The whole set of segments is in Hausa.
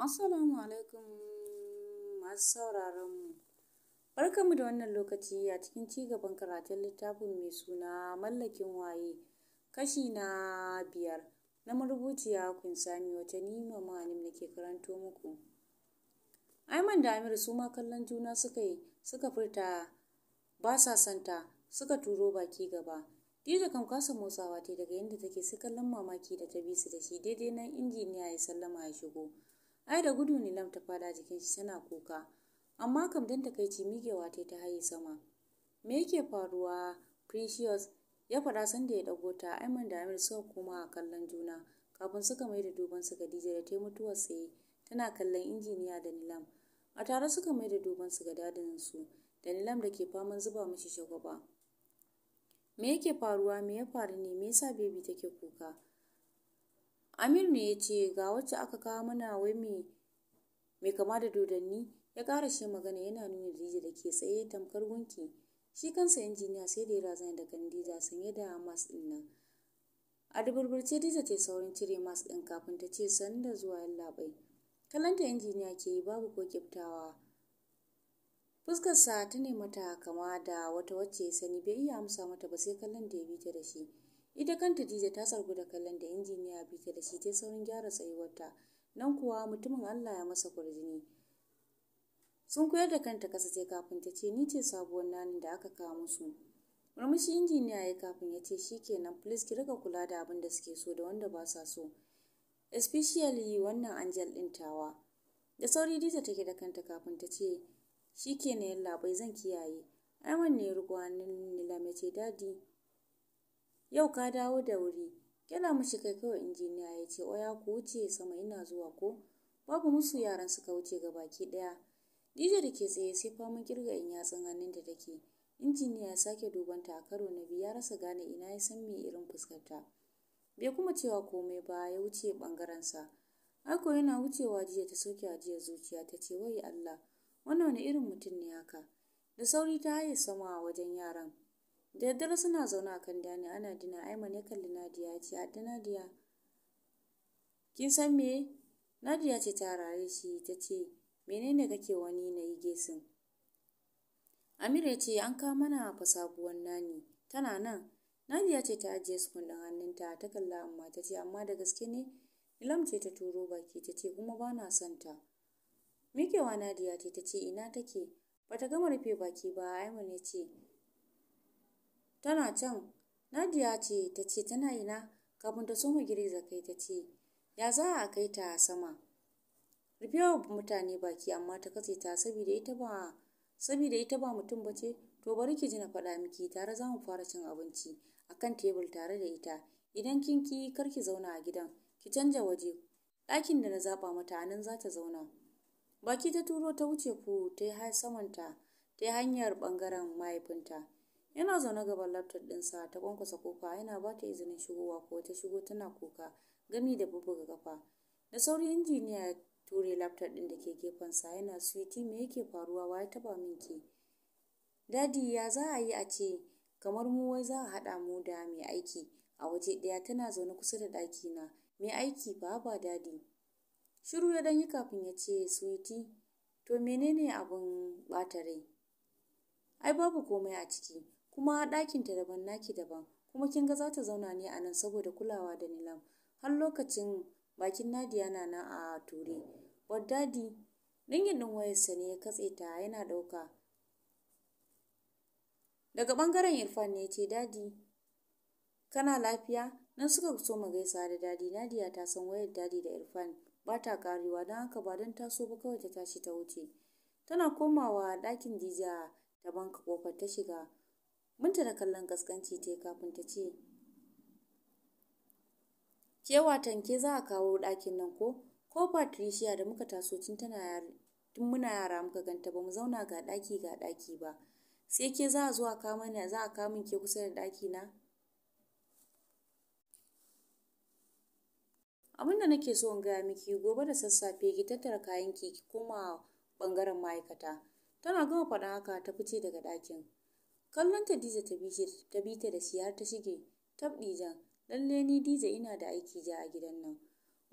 Assalamu alaikum masu sauraron mu. Barkanmu da wannan lokaci a cikin ci gaban karatun littafin mai suna mallakin waye kashi na biyar na marubuciya Kunsami wata ni mama da nake karanto muku. Aiman da Amir su ma kallon juna suka yi suka furta ba sa santa suka turo baki gaba. Dija kan kasa motsawa ce daga yadda take sai kallon mamaki da ta bi su da shi daidai na injiniya ya sallama ya shigo. Ai da gudu Nilam ta fada jikin shi tana kuka. Amma kam don takaici migewa ta ta haye sama. Me yake faruwa Precious ya faɗa sanda ya ɗago ta Aiman da Amir suka koma a kallon juna kafin suka mai da duban su Khadija da tai mutuwar tsaye tana kallon injiniya da Nilam. A tare suka mai da duban su ga dadin su da Nilam da ke faman zuba mishi shagwaba. Me yake faruwa me ya faru ne me yasa baby take kuka? Amir ne ya ce ga wacce aka kawo mana wai mai kama da dodanni ya ƙara shi magana yana nuna da da ke tsaye tamkar gunki shi kansa injiniya sai da ya razana da ganin sanye da mas ɗin nan a duburburce Dija ta saurin cire mas ɗin kafin ta ce sanda zuwa yallaɓai kalanta injiniya ke yi babu ko kyaftawa fuskarsa ta nema ta kama da wata wacce sani bai iya amsa mata ba sai kallon da ya bi ta da shi ita kanta dija ta sargu da kallon da injiniya bi ta da shi ta saurin gyara tsayuwarta nan kuwa mutumin allah ya masa kurjini sun koyar da kanta kasa sai kafin ta ce ni ce sabuwar nanin da aka kawo musu murmushi injiniya ya kafin ya ce shi shikenan please ki rika kula da abin da suke so da wanda ba sa so especially wannan angel din tawa da sauri dita take da kanta kafin ta ce shi shikenan yalla bai zan kiyaye ai wanne ruwanin nilame ce dadi Yau ka dawo da wuri. Kira mu kai kawai injiniya ya ce, Oya ku wuce sama ina zuwa ko? Babu musu yaran suka wuce ga baki ɗaya. Dija da ke tsaye sai faman kirga in yatsun hannun da take. Injiniya ya sake dubanta a karo na biyu ya rasa gane ina ya san me irin fuskarta. Bai kuma cewa komai ba ya wuce bangaren sa? Aiko yana wucewa jiya ta soke ajiyar zuciya ta ce wai Allah wannan wani irin mutum ne haka. Da sauri ta haye sama wajen yaran. da daddare suna zaune a kan dani ana dina aiman ya kalli nadiya ya ce da nadiya kin san me nadiya ce ta rare shi ta ce menene kake wani na yi gesin amir ya ce an kawo mana fa sabuwar nani tana nan nadiya ce ta ajiye sukun ɗin hannunta ta kalla amma ta ce amma da gaske ne ilam ce ta turo baki ta ce kuma ba na son ta mikewa nadiya ce ta ce ina take bata gama rufe baki ba aiman ya ce tana can. Nadiya ce ta ce tana ina kafin ta soma girgiza kai ta ce ya za a kai ta sama. Rufewa mutane baki amma ta katse ta saboda ita ba saboda ita ba mutum ba ce to bari ki ji na faɗa miki tare za mu fara cin abinci a kan tebul tare da ita idan kin ki kar ki zauna a gidan ki canja waje ɗakin da na zaɓa mata a nan za ta zauna baki ta turo ta wuce ku ta yi samanta ta yi hanyar ɓangaren mahaifinta yana zaune gaban laptop ɗinsa ta kwankwasa kofa yana ba ta izinin shigowa ko ta shigo tana kuka gami da bubuga kafa da sauri injiniya ya ture laptop ɗin da ke gefensa yana suiti me yake faruwa wa ya taba ke dadi ya za a yi a ce kamar mu wai za a haɗa mu da mai aiki a waje ɗaya tana zaune kusa da ɗaki na mai aiki ba ba dadi shiru ya danyi kafin ya ce suiti to menene abun ɓata rai ai babu komai a ciki kuma ɗakin ta daban naki daban kuma kin ga za ta zauna ne a nan saboda kulawa da Nilam har lokacin bakin Nadiya na nan a ture Waddadi ringin ɗin wayarsa ne ya katse ta yana ɗauka daga ɓangaren Irfan ne ce dadi kana lafiya nan suka so mu gaisa da dadi Nadiya ta san wayar dadi da Irfan ba ta karewa don haka ba don taso ba kawai ta tashi ta wuce tana komawa ɗakin Dija ta banka kofar ta shiga Binta da kallon gaskanci ta kafin ta ce, Ke watan ke za a kawo ɗakin nan ko? Ko Patricia da muka taso tun tana tun muna yara muka ganta ba mu zauna ga ɗaki ga ɗaki ba. Sai ke za a zo a kawo mana za a kawo min ke kusa da ɗaki na? Abin da nake so in gaya miki gobe da sassafe ki tattara kayan ki ki koma bangaren ma'aikata. Tana gama faɗa haka ta fice daga ɗakin. Kallon ta Diza ta bi ta da shi har ta shige tab Dijan. Lalle ni Diza ina da aiki ja a gidan nan.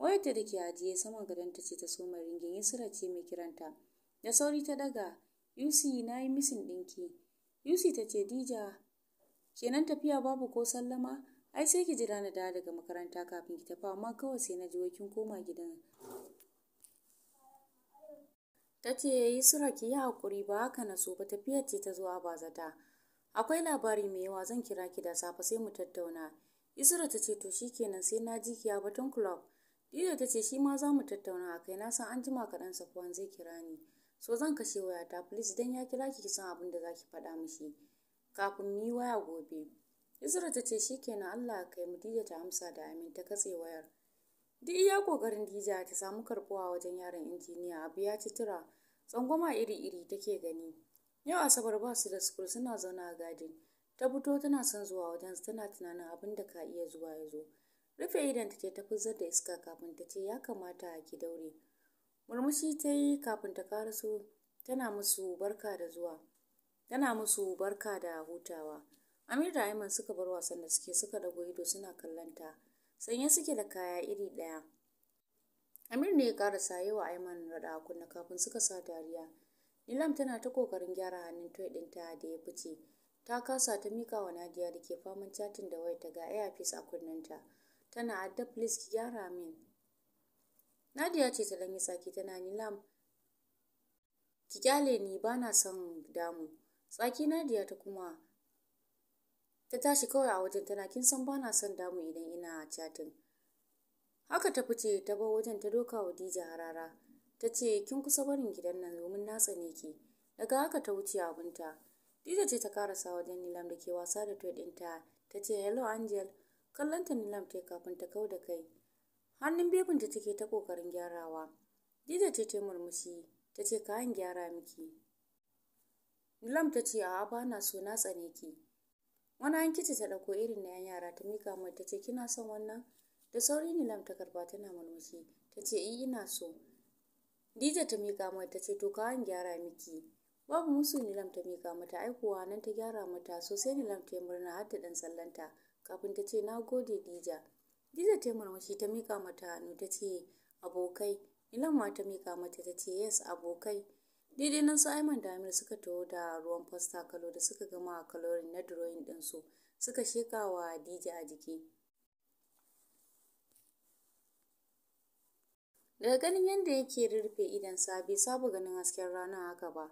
Wayarta da ke ajiye saman gadon ta ce ta soma ringin sura ce mai kiranta. Da sauri ta daga, uc na yi misin ɗinki. uc ta ce Dija, kenan tafiya babu ko sallama? Ai sai ki jira na dawo daga makaranta kafin ki tafi amma kawai sai na ji wai kin koma gidan. Ta ce sura ki yi haƙuri ba haka na so ba tafiyar ce ta zuwa a bazata. akwai labari mai yawa zan kira ki da safe sai mu tattauna isra ta ce to shikenan sai na ji kiya a batun club dida ta ce shi ma za mu tattauna a kai na san an jima kaɗan safuwan zai kira ni so zan kashe wayata please dan ya kira ki san abin da zaki ki faɗa mishi kafin mu yi waya gobe isra ta ce shikenan allah kai mu dida ta amsa da amin ta katse wayar duk iya kokarin dija ta samu karbuwa wajen yaron injiniya abu ya ci tura tsangwama iri-iri take gani Yau Asabar ba su da sukul suna zauna a gadin. Ta fito tana son zuwa wajen tana tunanin abin da ka iya zuwa ya zo. Rufe idan ta ce ta fuzar da iska kafin ta ce ya kamata a ki daure. Murmushi ta yi kafin ta su tana musu barka da zuwa. Tana musu barka da hutawa. Amir da Aiman suka bar wasan da suke suka dago ido suna kallon ta. Sanye suke da kaya iri ɗaya. Amir ne ya yi wa Aiman raɗa kunna kafin suka sa dariya. Nilam tana ta kokarin gyara hannun toy ɗinta da ya fice. Ta kasa ta mika wa Nadia da ke faman chatin da wayarta ga earpiece a kunnenta. Tana adda please ki gyara min. Nadia ce ta dan yi tsaki tana Nilam ki kyale ni ba na son damu. Tsaki Nadia ta kuma ta tashi kawai a wajen tana kin san ba na son damu idan ina chatin. Haka ta fice ta bar wajen ta doka wa Dija harara. ta ce kin kusa barin gidan nan domin na tsane ki daga haka ta wuce abunta. Dida ce ta karasa wajen Nilam da ke wasa da toy ɗinta ta ce hello Angel kallonta Nilam ta kafin ta kau da kai hannun bebinta take ta kokarin gyarawa Dida ce ta murmushi ta ce kayan gyara miki Nilam ta ce a ba na so na tsane ki wani kici ta ɗauko irin na yara ta mika mai ta ce kina son wannan da sauri Nilam ta karba tana murmushi ta ce yi eh, ina so Dija ta mika mata ta ce to kawai gyara miki. Babu musu Nilam ta mika mata aikuwa nan ta gyara mata sosai Nilam ta yi murna har ta dan sallanta kafin ta ce na gode Dija. Dija ta murmushi ta mika mata hannu ta ce abokai. Nilam ma ta mika mata ta ce yes abokai. Daidai nan su Aiman da Amir suka taho da ruwan fasta kalo da suka gama kalorin na drawing ɗinsu suka sheka wa Dija a jiki. daga ganin yadda yake idon sa bai saba ganin hasken rana haka ba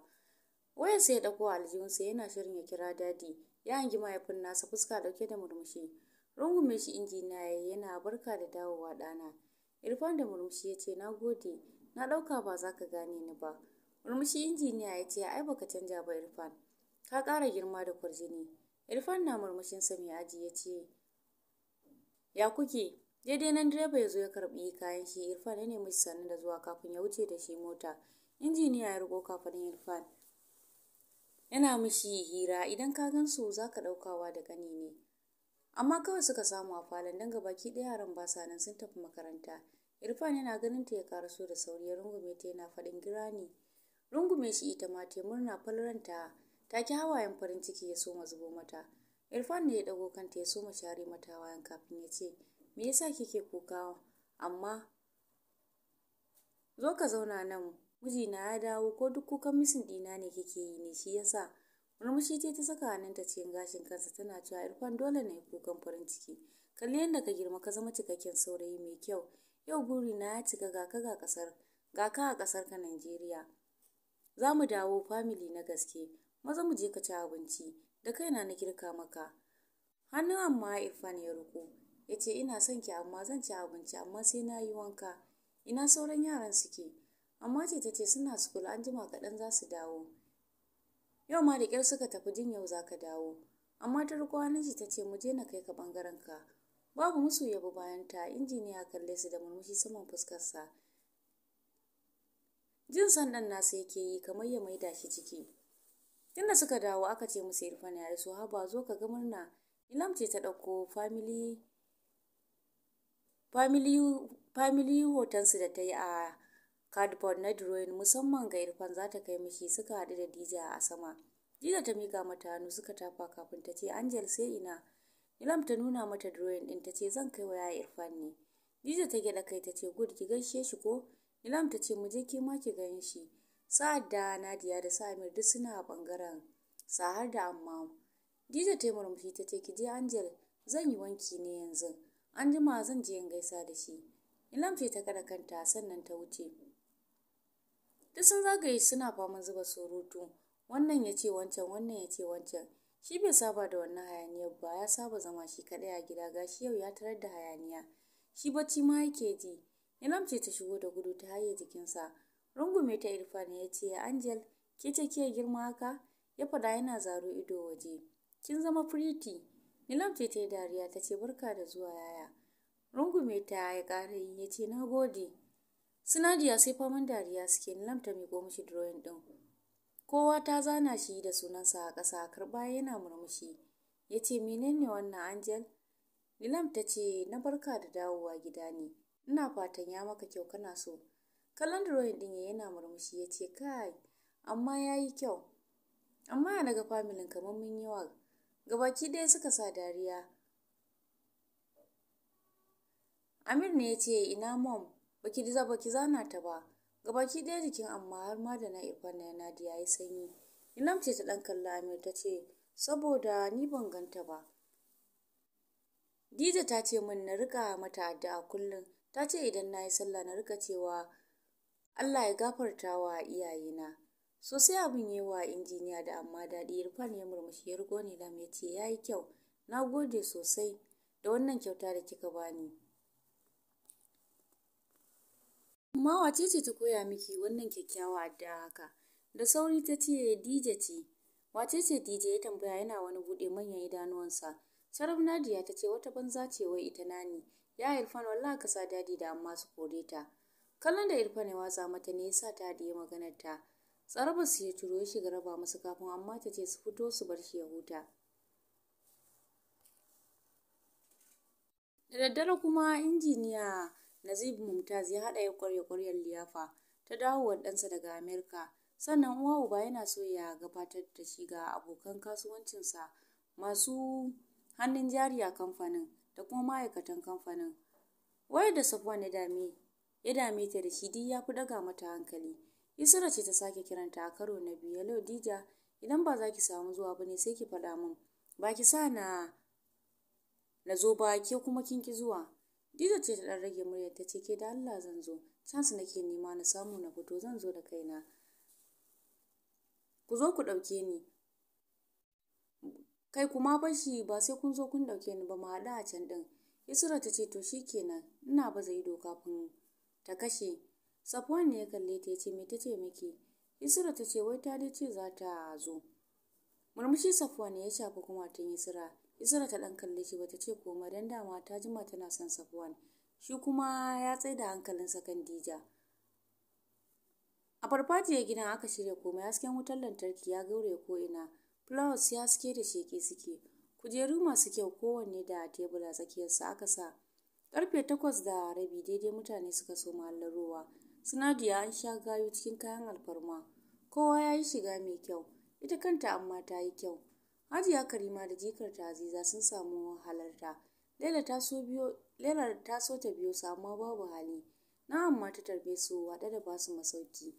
wayar sai ya dauko aljihunsa yana shirin ya kira dadi ya hangi mahaifin nasa fuska dauke da murmushi rungume shi na yayi yana barka da dawowa dana irfan da murmushi ya ce na gode na ɗauka, ba za ka gane ni ba murmushi injiniya ya ce ai baka canja ba irfan ka ƙara girma da kwarjini irfan na murmushin sa mai aji ya ce ya kuke daidai nan direba ya zo ya karbi kayan shi irfan ya nemi sannu da zuwa kafin ya wuce da shi mota injiniya ya riko kafin irfan yana mishi hira idan ka gan su za ka ɗaukawa da gani ne amma kawai suka samu a falon don gabaki ɗaya yaran ba sa nan sun tafi makaranta irfan yana ganin ta ya so da sauri ya rungume ta yana faɗin girani rungume shi ita ma ta murna falranta ta ki hawayen farin ciki ya soma zubo mata irfan ne ya ɗago kanta ya soma share mata wayan kafin ya ce me yasa kike kuka? amma zo ka zauna nan mijina ya dawo ko duk kukan misin ɗina ne kike yi ne shi yasa murmushi ce ta saka hannunta cikin gashin kansa tana cewa irfan dole na kukan farin ciki kalli yadda ka girma ka zama cikakken saurayi mai kyau yau buri na ya cika ga ka ga kasar ga ka a kasar ka Najeriya za mu dawo family na gaske maza mu je ka ci abinci da kaina na girka maka hannun amma irfan ya ruko ya ce ina son ki amma zan ci abinci amma sai na yi wanka ina sauran yaran suke amma ce ta ce suna sukul an jima kaɗan za su dawo yau ma da ƙyar suka tafi jin yau za ka dawo amma ta riko hannun ta ce mu je na kai ka ɓangaren ka babu musu yabo bayan ta injiniya kalle su da murmushi saman fuskarsa jin san ɗan nasu yake yi kamar ya maida shi ciki tunda suka dawo aka ce musu irfan ya iso haba zo ka ga murna ilam ce ta ɗauko family Family hotonsu da ta yi a cardboard na drawing musamman ga Irfan za ta kai mishi suka haɗu da Dija a sama. Dija ta miƙa mata hannu suka tafa kafin ta ce Angel sai ina. Ilam ta nuna mata drawing ɗin ta ce zan kai wa Irfan ne. Dija ta gyaɗa kai ta ce good ki gaishe shi ko? ilam ta ce mu je ki ma ki gani shi. Sa'ad da Nadiya da Samir duk suna a ɓangaren sa da amma. Dija ta yi murmushi ta ce ki je Angel zan yi wanki ne yanzu. an jima zan je in gaisa da shi ilam ce ta kada kanta sannan ta wuce duk sun zagaye suna fama zuba surutu wannan ya ce wancan wannan ya ce wancan shi bai saba da wannan hayaniyar ba ya saba zama shi kaɗai a gida gashi yau ya tarar da hayaniya shi bacci ma yake ji ilam ce ta shigo da gudu ta haye jikinsa rungume ta irfan ya ce angel ke ce ke girma haka ya faɗa yana zaro ido waje kin zama firiti Nilam ce ta yi dariya ta ce barka da zuwa yaya. Rungume ta ya ƙara ya ce na gode. Sinadiya sai faman dariya suke Nilam ta miƙo mishi drawing ɗin. Kowa ta zana shi da sunansa a ƙasa karɓa yana murmushi. Ya ce menene wannan Angel? Nilam ta ce na barka da dawowa gida ne. Ina fatan ya maka kyau kana so. Kallon drawing ɗin yana murmushi ya ce kai amma ya yi kyau. Amma daga familin kamar mun wa gabaki ɗaya suka sa dariya amir ne ya ce ina mom baki diza baki zana ta ba gabaki ɗaya jikin amma har ma da na ifana na nadiya ya yi sanyi ina ce ta ɗan kalla amir ta ce saboda ni ban ganta ba dija ta ce min na rika mata addu'a kullum ta ce idan na yi sallah na rika cewa Allah ya gafarta wa iyayena sosai abin yi wa injiniya da amma daɗi irfan ya murmushi ya rigo lam ya ce ya yi kyau na gode sosai da wannan kyauta da kika bani amma wace ce ta koya miki wannan kyakkyawa da haka da sauri ta ce dije ce wace ce dije ya tambaya yana wani buɗe manyan idanuwansa sarab nadiya ta ce wata banza ce wai ita nani ya irfan wallah ka sa daɗi da amma su kore ta kallon da irfan ya watsa mata ne ya sa ta da maganar ta su ya ciro ya shiga raba masu kafin amma ta ce su fito su bar shi ya huta da daddare kuma injiniya nazib mumtaz ya haɗa ya kwarya kwaryar liyafa ta dawowar ɗansa daga amerika sannan uwa uba yana so ya gabatar da shi ga abokan kasuwancinsa masu hannun jari a kamfanin da kuma ma'aikatan kamfanin wayar da safuwa ya dame ya dame ta da shi duk ya fi daga mata hankali Isra ce ta sake kiranta a karo na biyu. Yalo Dija, idan ba za ki samu zuwa ba ne sai ki faɗa min. Ba ki sa na na zo ba ke kuma kin ki zuwa. Dija ce ta dan rage muryar ta ce ke da Allah zan zo. Chance nake nema na samu na fito zan zo da kaina. Ku zo ku ɗauke ni. Kai kuma bashi ba sai kun zo kun ɗauke ni ba mu haɗu a can ɗin. Isra ta ce to shi ina ba zai doka kafin ta kashe. Safwan ne ya kalle ta ya ce me ta ce miki? Isra ta ce wai ta dai ce za ta zo. Murmushi Safwan ne ya shafi kuma tun Isra. Isra ta dan kalle shi bata ce komai dan dama ta jima tana son Safwan. Shi kuma ya tsai da hankalinsa kan Dija. A farfajiyar gidan aka shirya komai hasken wutar lantarki ya gaure ko ina. Flowers ya suke da sheke suke. Kujeru masu kyau kowanne da tebula tsakiyarsa aka sa. Karfe takwas da rabi daidai mutane suka so mallarowa. sanadiya an sha gayu cikin kayan alfarma. Kowa ya yi shiga mai kyau, ita kanta amma ta yi kyau. Hajiya Karima da jikarta Aziza sun samu halarta. Laila ta so ta so ta biyo su babu hali. Na amma ta tarbe su haɗe da basu masauki.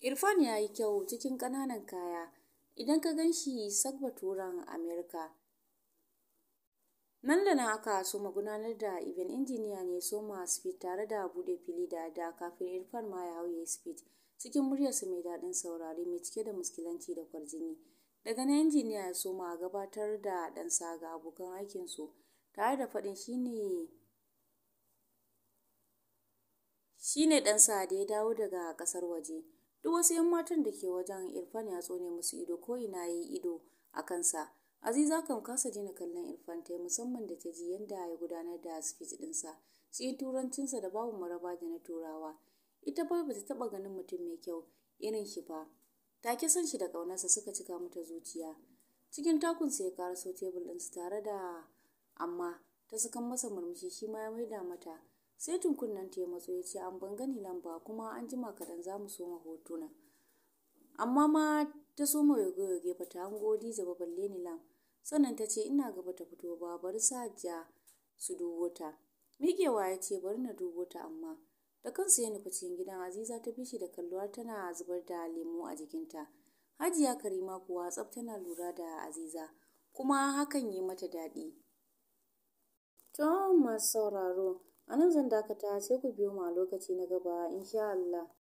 Irfan ya yi kyau cikin ƙananan kaya. Idan ka gan shi sak turan Amerika. Nan da nan aka soma gudanar da even injiniya ne Soma Speed tare da buɗe fili da da kafin Irfan ma ya hau ya speed cikin muryarsa mai daɗin saurari mai cike da muskilanci da kwarjini. Daga nan injiniya ya soma gabatar da ɗansa ga abokan aikinsu tare da faɗin shine shine shi ne ɗansa da ya dawo daga ƙasar waje. Duk wasu ‘yan matan da ke wajen Irfan ya tsone musu ido ko ina ya yi ido a kansa. Aziza kan kasa daina kallon Irfan musamman da ta ji yadda ya gudanar da speech ɗinsa cikin turancinsa da babu maraba da na turawa. Ita fa ta taɓa ganin mutum mai kyau irin shi ba. Take son shi da ƙaunarsa suka cika mata zuciya. Cikin takunsa ya karaso tebul su tare da amma ta sakan masa murmushi shi ma ya maida mata. Sai tunkunnan ya matso ya ce an ban gani nan ba kuma an jima kaɗan za mu soma hotuna. amma ma ta soma yoge-yoge ba ta hango Diza ba balle Nilam. Sannan ta ce ina gaba ta fito ba bari sa ja su dubo ta. Miƙewa ya ce bari na dubo ta amma da kansu ya nufi cikin gidan Aziza ta shi da kalluwa tana zubar da lemo a jikinta. Hajiya Karima kuwa tsaf tana lura da Aziza kuma hakan yi mata daɗi. To masu sauraro a nan zan dakata sai ku biyo ma lokaci na gaba insha Allah.